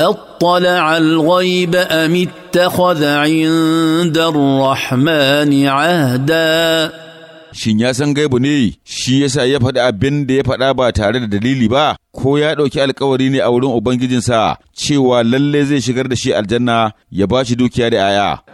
اطلع الغيب ام اتخذ عند الرحمن عهدا shin ya san gaibu ne shi yasa ya faɗi abin da ya faɗa ba tare da dalili ba ko ya ɗauki alkawari ne a wurin ubangijinsa cewa lalle zai shigar da shi aljanna ya ba shi dukiya da 'ya'ya